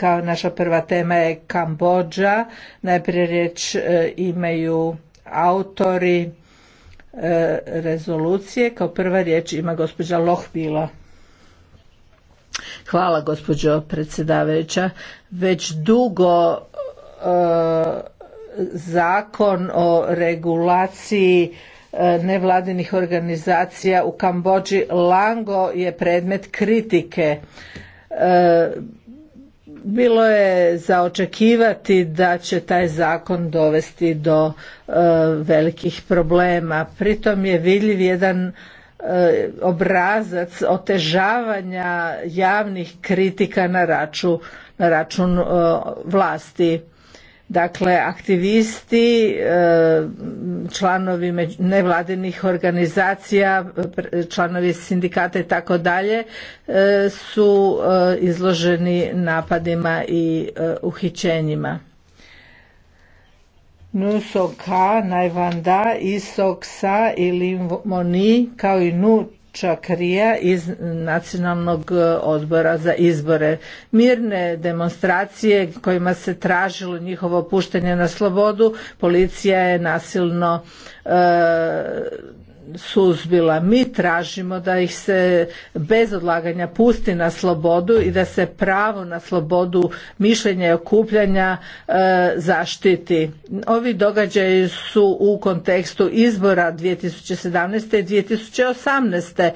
Kao naša prva tema je Kambodža, Najprije riječ e, imaju autori e, rezolucije. Kao prva riječ ima gospođa Loh-Bila. Hvala gospođo predsjedavajuća. Već dugo e, zakon o regulaciji nevladinih organizacija u Kambodži Lango je predmet kritike bilo je za očekivati da će taj zakon dovesti do e, velikih problema pritom je vidljiv jedan e, obrazac otežavanja javnih kritika na račun na račun e, vlasti Dakle, aktivisti, eh, članovi nevladinih organizacija, članovi sindikata i tako dalje eh, su eh, izloženi napadima i uhićenjima. Nusoka, Najvanda, Isoksa ili moni kao i Nu Čakrija iz Nacionalnog e, odbora za izbore. Mirne demonstracije kojima se tražilo njihovo puštanje na slobodu, policija je nasilno e, suzbila. Mi tražimo da ih se bez odlaganja pusti na slobodu i da se pravo na slobodu mišljenja i okupljanja e, zaštiti. Ovi događaji su u kontekstu izbora 2017. i 2018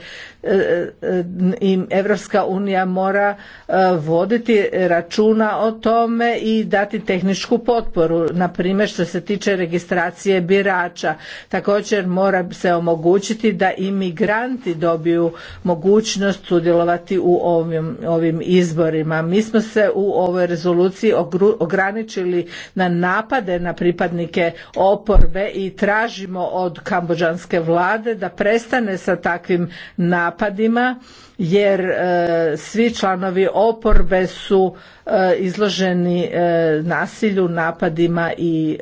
i Evropska unija mora e, voditi računa o tome i dati tehničku potporu, na primjer što se tiče registracije birača. Također mora se omogućiti da imigranti dobiju mogućnost sudjelovati u ovim, ovim izborima. Mi smo se u ovoj rezoluciji ograničili na napade na pripadnike oporbe i tražimo od kambođanske vlade da prestane sa takvim napadima napadima jer e, svi članovi oporbe su e, izloženi e, nasilju, napadima i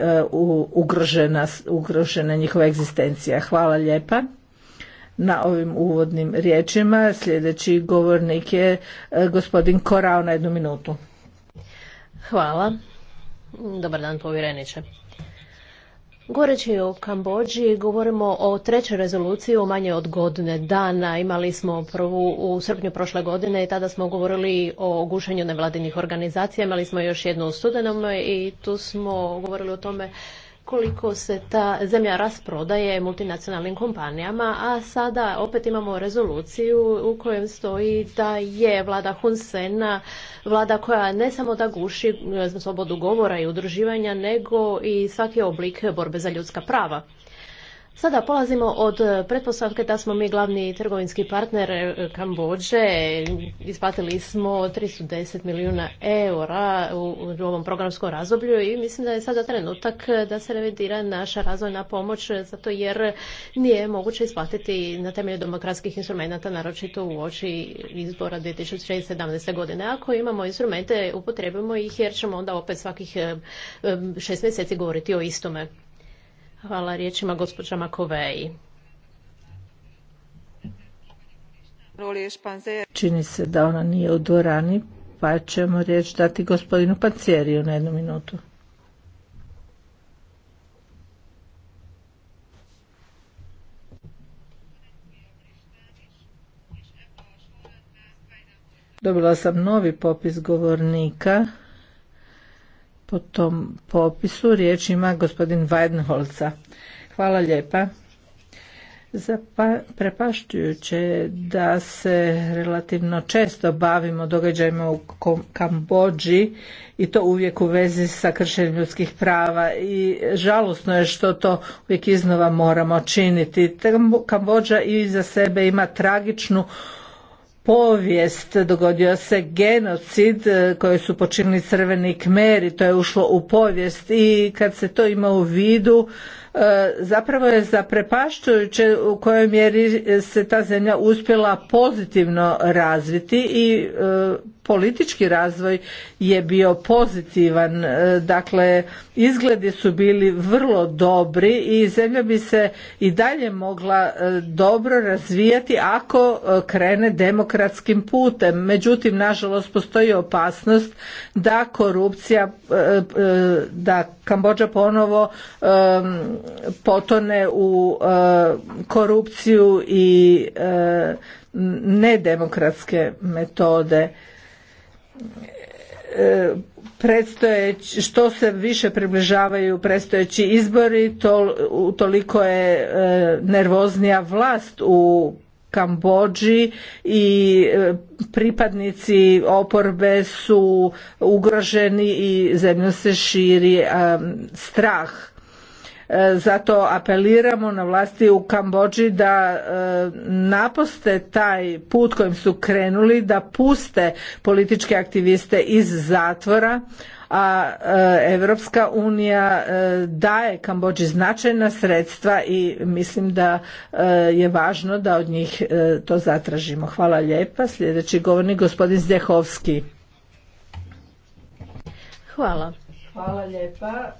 ugrožena, ugrožena njihova egzistencija. Hvala lijepa na ovim uvodnim riječima. Sljedeći govornik je gospodin Korao na jednu minutu. Hvala. Dobar dan povjereniče. Goreći o Kambođi, govorimo o trećoj rezoluciji u manje od godine dana. Imali smo prvu u srpnju prošle godine i tada smo govorili o gušenju nevladinih organizacija. Imali smo još jednu u studenom i tu smo govorili o tome koliko se ta zemlja rasprodaje multinacionalnim kompanijama, a sada opet imamo rezoluciju u kojem stoji da je vlada Hunsena vlada koja ne samo da guši e, slobodu govora i udruživanja, nego i svaki oblik borbe za ljudska prava. Sada polazimo od e, pretpostavke da smo mi glavni trgovinski partner e, Kambođe. Isplatili smo 310 milijuna eura u ovom programskom razdoblju i mislim da je sada trenutak da se revidira naša razvojna pomoć e, zato jer nije moguće isplatiti na temelju demokratskih instrumenta naročito u oči izbora 2017. godine. Ako imamo instrumente upotrebimo ih jer ćemo onda opet svakih šest mjeseci govoriti o istome. Hvala riječima gospođa Makovej. Čini se da ona nije u dvorani, pa ćemo riječ dati gospodinu Panceriju na jednu minutu. Dobila sam novi popis govornika po tom popisu. Riječ ima gospodin Weidenholza. Hvala lijepa. Prepaštujuće je da se relativno često bavimo događajima u Kambođi i to uvijek u vezi sa kršenjem ljudskih prava i žalosno je što to uvijek iznova moramo činiti. Kambođa i za sebe ima tragičnu povijest, dogodio se genocid e, koji su počinili crveni kmeri, to je ušlo u povijest i kad se to ima u vidu E, zapravo je zaprepašćujuće u kojoj mjeri se ta zemlja uspjela pozitivno razviti i e, politički razvoj je bio pozitivan e, dakle izgledi su bili vrlo dobri i zemlja bi se i dalje mogla dobro razvijati ako krene demokratskim putem međutim nažalost postoji opasnost da korupcija da Kambodža ponovo potone u e, korupciju i e, nedemokratske metode e, predstojeći što se više približavaju predstojeći izbori to, toliko je e, nervoznija vlast u Kambođi i pripadnici oporbe su ugroženi i zemlja se širi strah E, zato apeliramo na vlasti u Kambođi da e, naposte taj put kojim su krenuli, da puste političke aktiviste iz zatvora, a Europska unija e, daje Kambođi značajna sredstva i mislim da je važno da od njih to zatražimo. Hvala lijepa. Sljedeći govornik gospodin Zdjehovski. Hvala lijepa.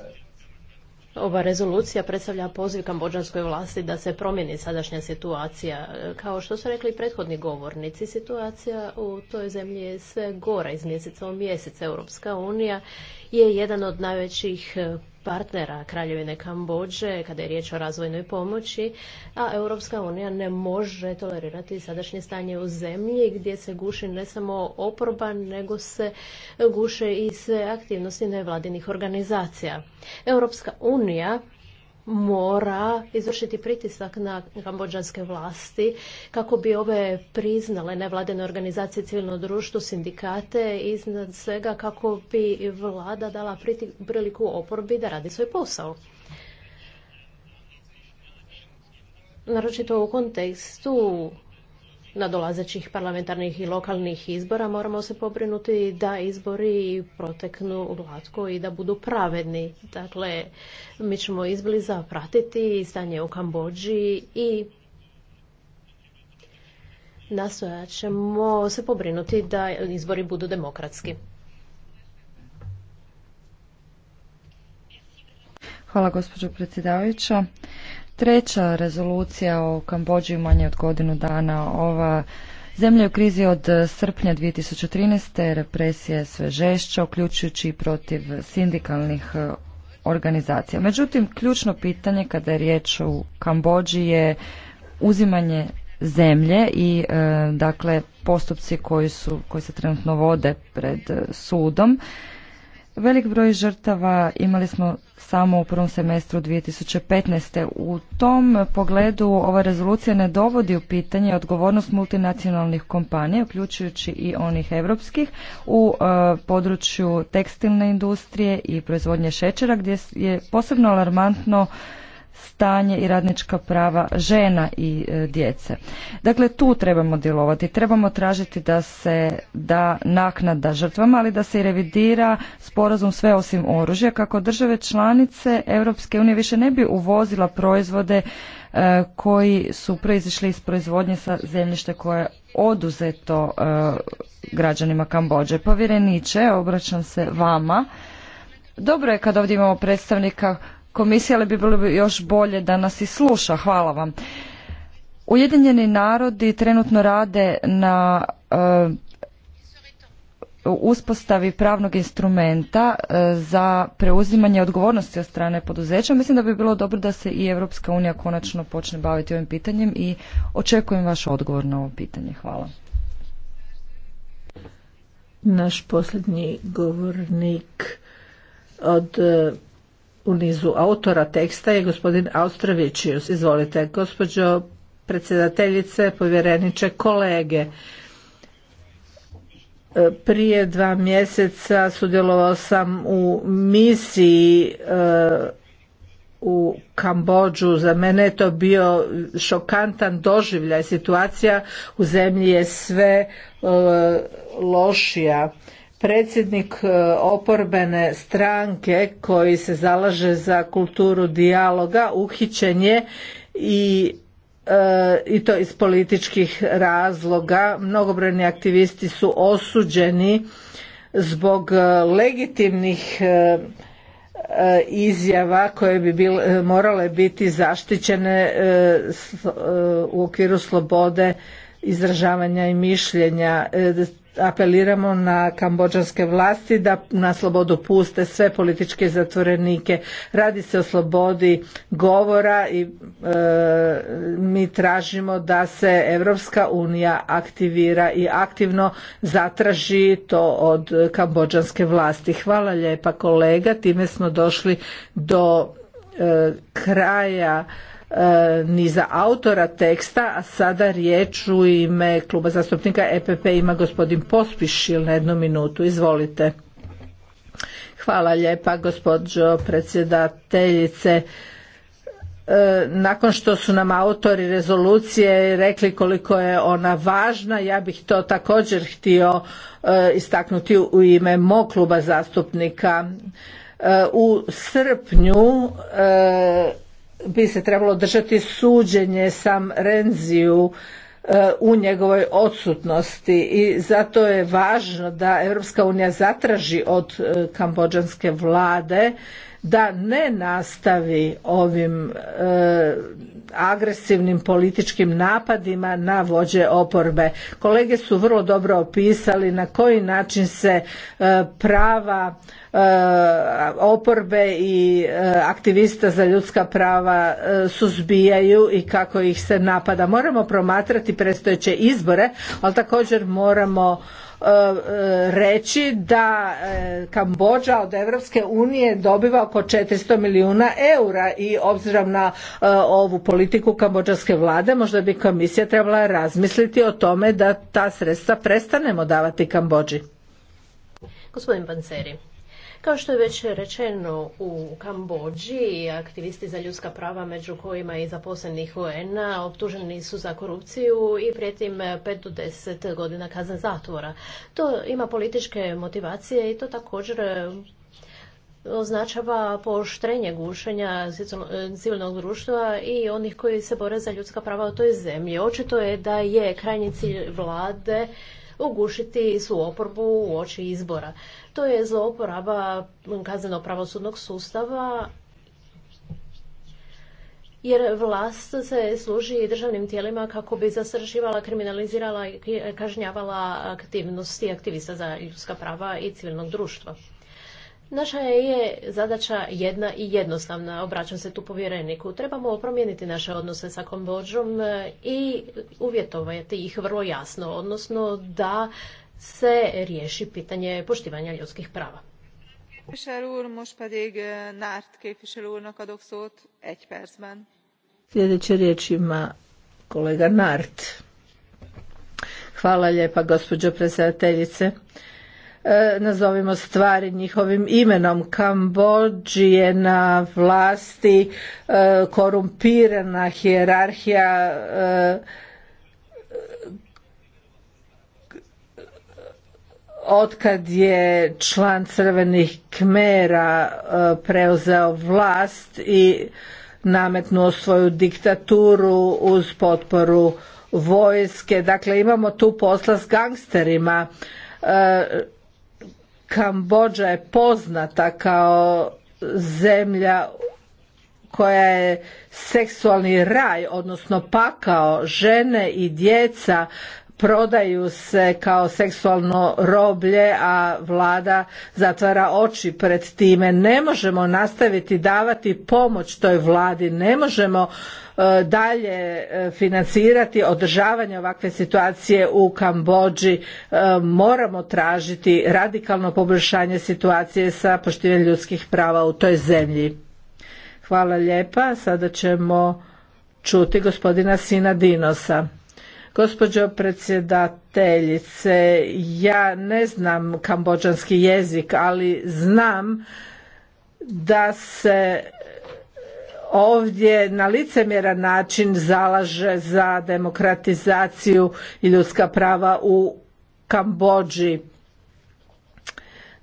Ova rezolucija predstavlja poziv kambođanskoj vlasti da se promijeni sadašnja situacija. Kao što su rekli prethodni govornici, situacija u toj zemlji je sve gora iz mjeseca u mjesec. Europska unija je jedan od najvećih e, partnera Kraljevine Kambođe kada je riječ o razvojnoj pomoći, a Europska unija ne može tolerirati sadašnje stanje u zemlji gdje se guši ne samo oporba, nego se guše i sve aktivnosti nevladinih organizacija. Europska unija mora izvršiti pritisak na kambođanske vlasti kako bi ove priznale nevladene organizacije civilno društvo, sindikate iznad svega kako bi vlada dala priliku oporbi da radi svoj posao. Naročito u kontekstu nadolazećih parlamentarnih i lokalnih izbora moramo se pobrinuti da izbori proteknu glatko i da budu pravedni. Dakle, mi ćemo izbliza pratiti stanje u Kambođi i nastojat ćemo se pobrinuti da izbori budu demokratski. Hvala gospođo predsjedavajuća treća rezolucija o Kambođi manje od godinu dana. Ova zemlja je u krizi od srpnja 2013. represije sve žešća, uključujući protiv sindikalnih e, organizacija. Međutim, ključno pitanje kada je riječ o Kambođi je uzimanje zemlje i e, dakle postupci koji su koji se trenutno vode pred e, sudom Velik broj žrtava imali smo samo u prvom semestru 2015. U tom pogledu ova rezolucija ne dovodi u pitanje odgovornost multinacionalnih kompanija, uključujući i onih europskih, u e, području tekstilne industrije i proizvodnje šećera, gdje je posebno alarmantno stanje i radnička prava žena i e, djece. Dakle, tu trebamo djelovati. Trebamo tražiti da se da naknada žrtvama, ali da se i revidira sporazum sve osim oružja kako države članice Europske unije više ne bi uvozila proizvode e, koji su proizišli iz proizvodnje sa zemljište koje je oduzeto e, građanima Kambođe. Povjereniče, obraćam se vama. Dobro je kad ovdje imamo predstavnika komisije, ali bi bilo bi još bolje da nas i sluša. Hvala vam. Ujedinjeni narodi trenutno rade na e, uspostavi pravnog instrumenta e, za preuzimanje odgovornosti od strane poduzeća. Mislim da bi bilo dobro da se i Europska unija konačno počne baviti ovim pitanjem i očekujem vaš odgovor na ovo pitanje. Hvala. Naš posljednji govornik od u nizu autora teksta je gospodin Austravićius. Izvolite, gospođo predsjedateljice, povjereniče, kolege. E, prije dva mjeseca sudjelovao sam u misiji e, u Kambođu. Za mene je to bio šokantan doživljaj. Situacija u zemlji je sve e, lošija predsjednik e, oporbene stranke koji se zalaže za kulturu dijaloga uhićen je i e, i to iz političkih razloga. Mnogobrojni aktivisti su osuđeni zbog e, legitimnih izjava koje bi morale biti zaštićene u okviru slobode izražavanja i mišljenja apeliramo na Kambodžanske vlasti da na slobodu puste sve političke zatvorenike. Radi se o slobodi govora i e, mi tražimo da se Europska unija aktivira i aktivno zatraži to od Kambodžanske vlasti. Hvala lijepa kolega, time smo došli do e, kraja E, ni za autora teksta, a sada riječ u ime kluba zastupnika EPP ima gospodin Pospišil na jednu minutu. Izvolite. Hvala lijepa gospođo predsjedateljice. E, nakon što su nam autori rezolucije rekli koliko je ona važna, ja bih to također htio e, istaknuti u ime mog kluba zastupnika. U srpnju bi se trebalo držati suđenje sam Renziju e, u njegovoj odsutnosti i zato je važno da Europska unija zatraži od e, Kambodžanske vlade da ne nastavi ovim e, agresivnim političkim napadima na vođe oporbe. Kolege su vrlo dobro opisali na koji način se e, prava e, oporbe i aktivista za ljudska prava suzbijaju i kako ih se napada. Moramo promatrati predstojeće izbore, ali također moramo E, reći da e, Kambođa od Europske unije dobiva oko 400 milijuna eura i obzirom na e, ovu politiku kambođanske vlade možda bi komisija trebala razmisliti o tome da ta sredstva prestanemo davati Kambođi. Gospodin kao što je već rečeno u Kambođi, aktivisti za ljudska prava među kojima i zaposlenih UN-a optuženi su za korupciju i prijetim 5 do 10 godina kazne zatvora. To ima političke motivacije i to također e, označava poštrenje gušenja e, civilnog društva i onih koji se bore za ljudska prava u toj zemlji. Očito je da je krajnji cilj vlade ugušiti svu oporbu u oči izbora. To je zlouporaba kazneno pravosudnog sustava jer vlast se služi državnim tijelima kako bi zastrašivala, kriminalizirala i kažnjavala aktivnosti aktivista za ljudska prava i civilnog društva. Naša je zadaća jedna i jednostavna, obraćam se tu povjereniku. Trebamo promijeniti naše odnose sa Kambođom e, i uvjetovati ih vrlo jasno, odnosno da se riješi pitanje poštivanja ljudskih prava. E, Sljedeće riječ ima kolega Nart. Hvala lijepa gospođo predsjedateljice. E, nazovimo stvari njihovim imenom. Kambodžije na vlasti e, korumpirana hijerarhija e, otkad je član crvenih kmera preuzeo vlast i nametnuo svoju diktaturu uz potporu vojske. Dakle, imamo tu posla s gangsterima. Kambodža je poznata kao zemlja koja je seksualni raj, odnosno pakao žene i djeca prodaju se kao seksualno roblje, a vlada zatvara oči pred time. Ne možemo nastaviti davati pomoć toj vladi, ne možemo e, dalje e, financirati održavanje ovakve situacije u Kambođi. E, moramo tražiti radikalno poboljšanje situacije sa poštivanjem ljudskih prava u toj zemlji. Hvala lijepa. Sada ćemo čuti gospodina Sina Dinosa. Gospođo predsjedateljice, ja ne znam Kambodžanski jezik, ali znam da se ovdje na licemjeran način zalaže za demokratizaciju i ljudska prava u Kambođi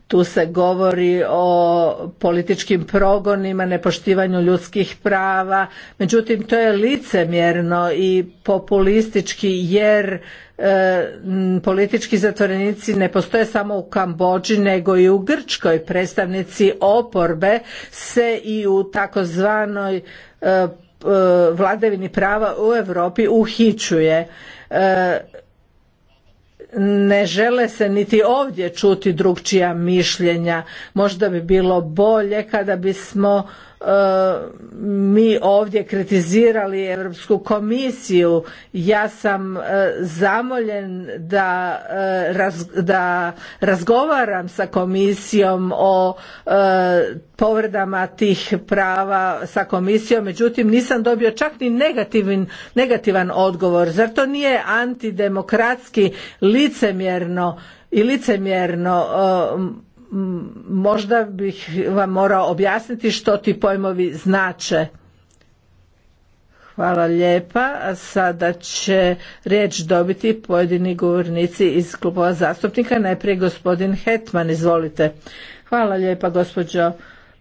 tu se govori o političkim progonima, nepoštivanju ljudskih prava, međutim to je licemjerno i populistički jer e, politički zatvorenici ne postoje samo u Kambođi nego i u Grčkoj. Predstavnici oporbe se i u takozvanoj e, e, vladavini prava u Europi uhićuje ne žele se niti ovdje čuti drugčija mišljenja. Možda bi bilo bolje kada bismo E, mi ovdje kritizirali Europsku komisiju. Ja sam e, zamoljen da, e, da razgovaram sa komisijom o povredama tih prava sa komisijom, međutim nisam dobio čak ni negativin, negativan odgovor. Zar to nije antidemokratski licemjerno i licemjerno možda bih vam morao objasniti što ti pojmovi znače. Hvala lijepa. A sada će riječ dobiti pojedini govornici iz klubova zastupnika. Najprije gospodin Hetman, izvolite. Hvala lijepa gospođo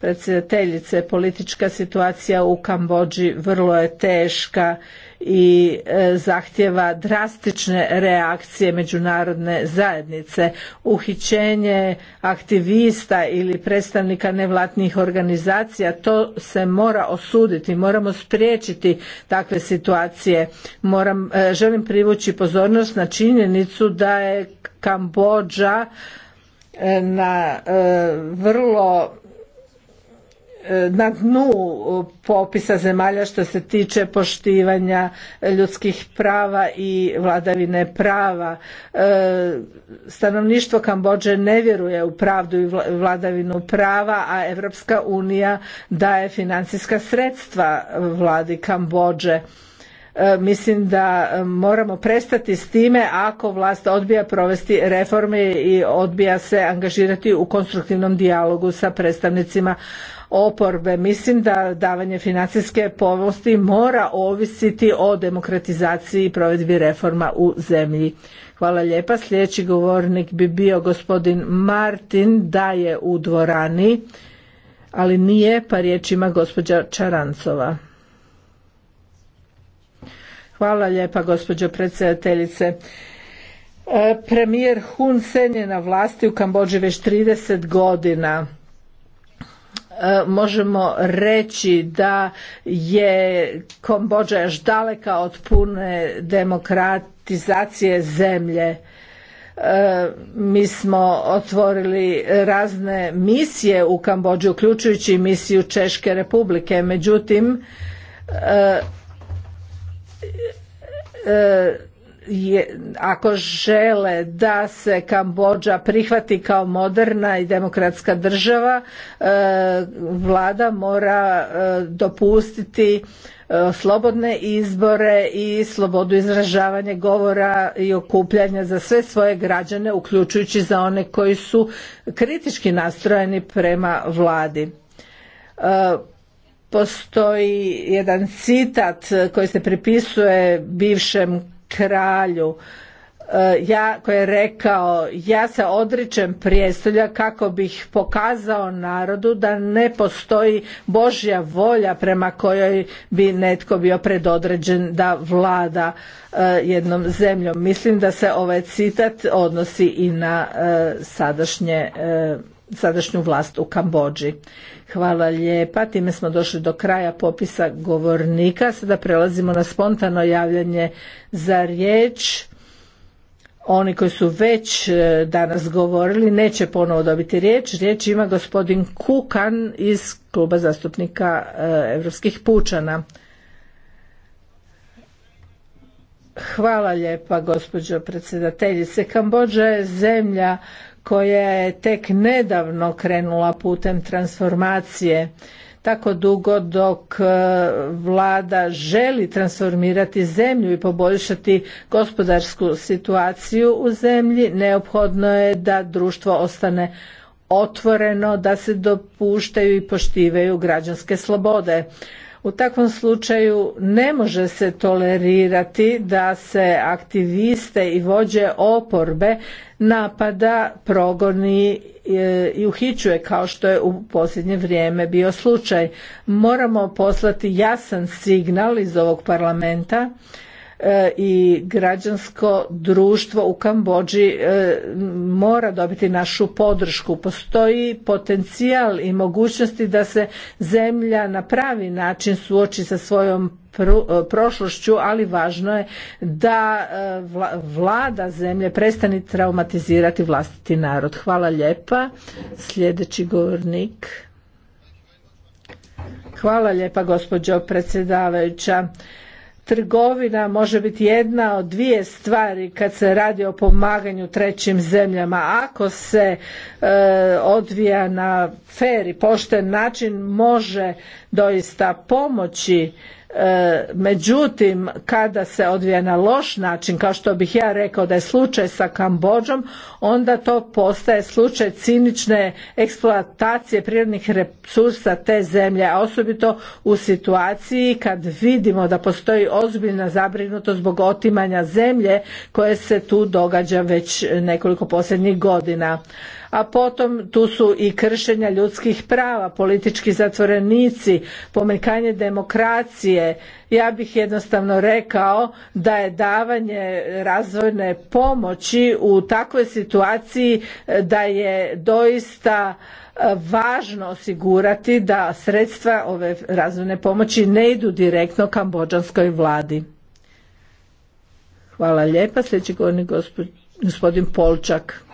predsjedateljice. Politička situacija u Kambođi vrlo je teška i e, zahtjeva drastične reakcije međunarodne zajednice. Uhićenje aktivista ili predstavnika nevlatnih organizacija to se mora osuditi, moramo spriječiti takve situacije. Moram, e, želim privući pozornost na činjenicu da je Kambodža e, na vrlo na dnu popisa zemalja što se tiče poštivanja ljudskih prava i vladavine prava. E, stanovništvo Kambođe ne vjeruje u pravdu i vladavinu prava, a Europska unija daje financijska sredstva vladi Kambođe e, mislim da moramo prestati s time ako vlast odbija provesti reforme i odbija se angažirati u konstruktivnom dijalogu sa predstavnicima oporbe. Mislim da davanje financijske povosti mora ovisiti o demokratizaciji i provedbi reforma u zemlji. Hvala lijepa. Sljedeći govornik bi bio gospodin Martin da je u dvorani, ali nije, pa riječ ima gospođa Čarancova. Hvala lijepa gospođo predsjedateljice. E, premijer Hun Sen je na vlasti u Kambodži već 30 godina E, možemo reći da je Kambodža još daleka od pune demokratizacije zemlje. E, mi smo otvorili razne misije u Kambodži, uključujući misiju Češke republike. Međutim, e, je, ako žele da se Kambodža prihvati kao moderna i demokratska država, e, vlada mora e, dopustiti e, slobodne izbore i slobodu izražavanja govora i okupljanja za sve svoje građane, uključujući za one koji su kritički nastrojeni prema vladi postoji jedan citat koji se pripisuje bivšem kralju e, ja koji je rekao ja se odričem prijestolja kako bih pokazao narodu da ne postoji božja volja prema kojoj bi netko bio predodređen da vlada e, jednom zemljom mislim da se ovaj citat odnosi i na e, sadašnje sadašnju vlast u Kambođi. Hvala lijepa. Time smo došli do kraja popisa govornika. Sada prelazimo na spontano javljanje za riječ. Oni koji su već e, danas govorili neće ponovo dobiti riječ. Riječ ima gospodin Kukan iz kluba zastupnika Europskih pučana. Hvala lijepa gospođo predsjedateljice. Kambođa je zemlja koja je tek nedavno krenula putem transformacije tako dugo dok e, vlada želi transformirati zemlju i poboljšati gospodarsku situaciju u zemlji neophodno je da društvo ostane otvoreno da se dopuštaju i poštivaju građanske slobode u takvom slučaju ne može se tolerirati da se aktiviste i vođe oporbe napada, progoni e, i uhićuje kao što je u posljednje vrijeme bio slučaj. Moramo poslati jasan signal iz ovog parlamenta E, i građansko društvo u Kambođi e, mora dobiti našu podršku. Postoji potencijal i mogućnosti da se zemlja na pravi način suoči sa svojom e, prošlošću, ali važno je da vlada zemlje prestani traumatizirati vlastiti narod. Hvala lijepa. Sljedeći govornik. Hvala lijepa gospođo predsjedavajuća trgovina može biti jedna od dvije stvari kad se radi o pomaganju trećim zemljama. Ako se e, odvija na fer i pošten način može doista pomoći E, međutim kada se odvija na loš način kao što bih ja rekao da je slučaj sa Kambodžom onda to postaje slučaj cinične eksploatacije prirodnih resursa te zemlje a osobito u situaciji kad vidimo da postoji ozbiljna zabrinutost zbog otimanja zemlje koje se tu događa već nekoliko posljednjih godina a potom tu su i kršenja ljudskih prava, politički zatvorenici, pomekanje demokracije. Ja bih jednostavno rekao da je davanje razvojne pomoći u takvoj situaciji e, da je doista e, važno osigurati da sredstva ove razvojne pomoći ne idu direktno kambodžanskoj vladi. Hvala lijepa. Sljedeći govornik gospodin Polčak.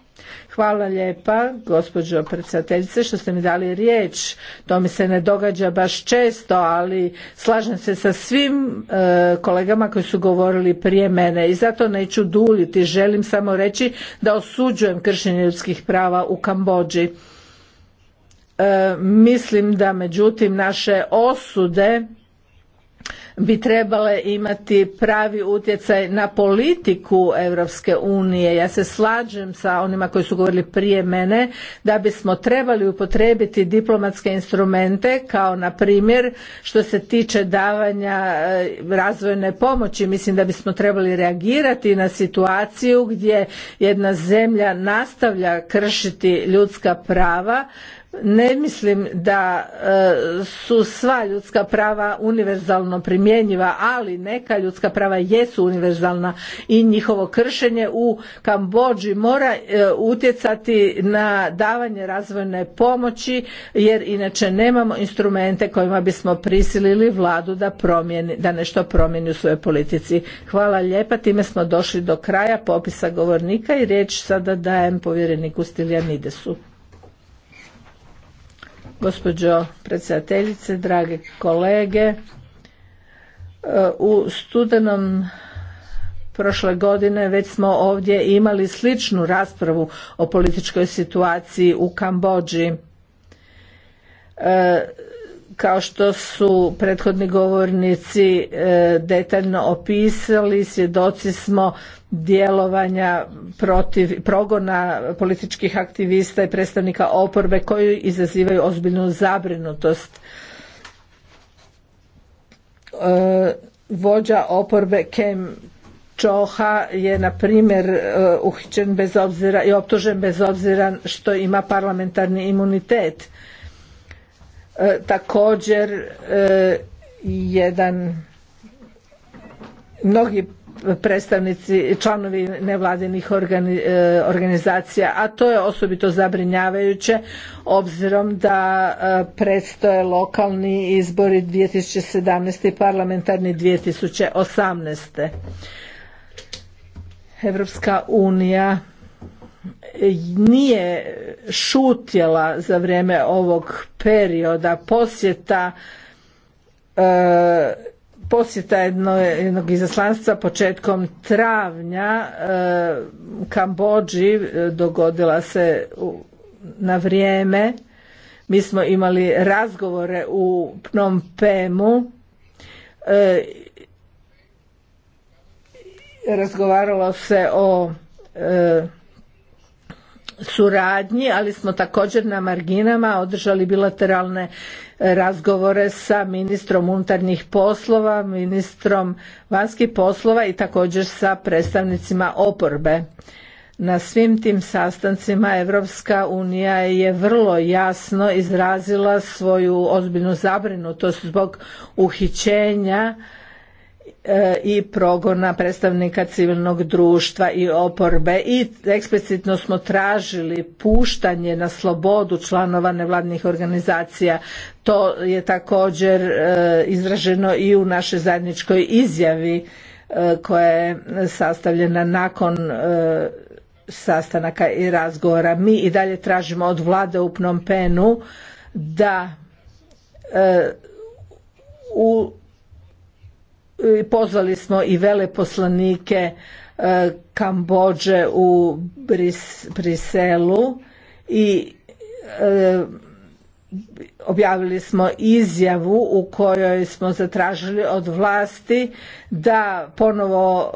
Hvala lijepa, gospođo predsjedateljice, što ste mi dali riječ. To mi se ne događa baš često, ali slažem se sa svim e, kolegama koji su govorili prije mene i zato neću duljiti. Želim samo reći da osuđujem kršenje ljudskih prava u Kambođi. E, mislim da međutim naše osude bi trebale imati pravi utjecaj na politiku Europske unije. Ja se slažem sa onima koji su govorili prije mene da bismo trebali upotrebiti diplomatske instrumente kao na primjer što se tiče davanja eh, razvojne pomoći. Mislim da bismo trebali reagirati na situaciju gdje jedna zemlja nastavlja kršiti ljudska prava ne mislim da e, su sva ljudska prava univerzalno primjenjiva ali neka ljudska prava jesu univerzalna i njihovo kršenje u Kambodži mora e, utjecati na davanje razvojne pomoći jer inače nemamo instrumente kojima bismo prisilili vladu da promijeni da nešto promijeni u svojoj politici hvala lijepa time smo došli do kraja popisa govornika i riječ sada dajem povjereniku Stiljanidesu gospođo predsjedateljice, drage kolege. E, u studenom prošle godine već smo ovdje imali sličnu raspravu o političkoj situaciji u Kambođi. E, kao što su prethodni govornici e, detaljno opisali, svjedoci smo djelovanja protiv progona političkih aktivista i predstavnika oporbe koji izazivaju ozbiljnu zabrinutost. E, vođa oporbe Kem Čoha je na primjer e, uhićen bez obzira i optužen bez obzira što ima parlamentarni imunitet E, također e, jedan mnogi predstavnici članovi nevladinih e, organizacija a to je osobito zabrinjavajuće obzirom da predstoje lokalni izbori 2017. i parlamentarni 2018. Evropska unija nije šutjela za vrijeme ovog perioda posjeta e, posjeta jedno, jednog izaslanstva početkom travnja e, Kambođi e, dogodila se na vrijeme mi smo imali razgovore u Pnom Pemu e, razgovaralo se o suradnji, ali smo također na marginama održali bilateralne e, razgovore sa ministrom unutarnjih poslova, ministrom vanjskih poslova i također sa predstavnicima oporbe. Na svim tim sastancima Europska unija je vrlo jasno izrazila svoju ozbiljnu zabrinutost zbog uhićenja E, i progona predstavnika civilnog društva i oporbe i eksplicitno smo tražili puštanje na slobodu članova nevladnih organizacija. To je također e, izraženo i u našoj zajedničkoj izjavi e, koja je sastavljena nakon sastanaka i razgovora. Mi i dalje tražimo od vlade u Pnompenu da u pozvali smo i veleposlanike e, Kambođe u Briselu i e, objavili smo izjavu u kojoj smo zatražili od vlasti da ponovo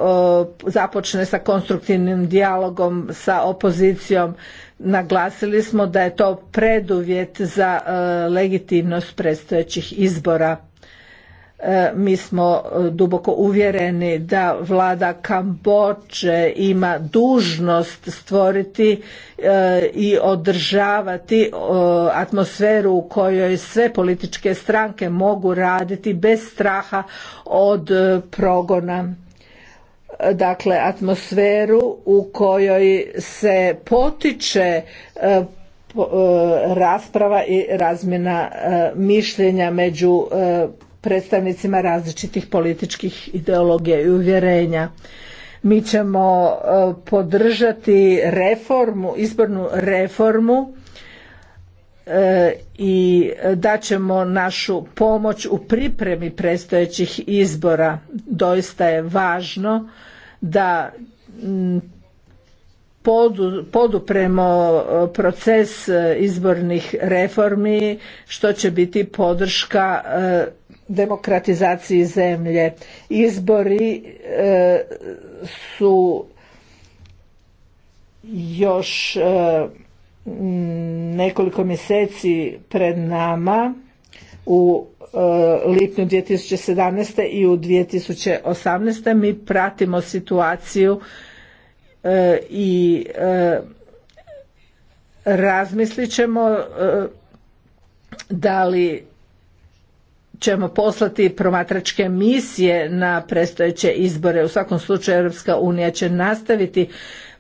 e, započne sa konstruktivnim dijalogom sa opozicijom. Naglasili smo da je to preduvjet za legitimnost predstojećih izbora. E, mi smo e, duboko uvjereni da vlada Kambodže ima dužnost stvoriti e, i održavati atmosferu u kojoj sve političke stranke mogu raditi bez straha od progona dakle atmosferu u kojoj se potiče rasprava i razmjena mišljenja među predstavnicima različitih političkih ideologija i uvjerenja. Mi ćemo e, podržati reformu, izbornu reformu e, i daćemo našu pomoć u pripremi predstojećih izbora. Doista je važno da podupremo e, proces izbornih reformi što će biti podrška demokratizaciji zemlje. Izbori e, su još e, nekoliko mjeseci pred nama u e, lipnju 2017. i u 2018. mi pratimo situaciju i razmislit ćemo da li ćemo poslati promatračke misije na predstojeće izbore. U svakom slučaju Europska unija će nastaviti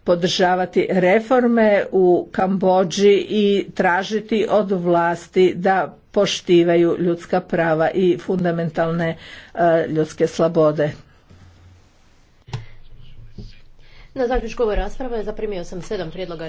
podržavati reforme u Kambođi i tražiti od vlasti da poštivaju ljudska prava i fundamentalne e, ljudske slobode. Na zaključku ove rasprave zaprimio sam sedam prijedloga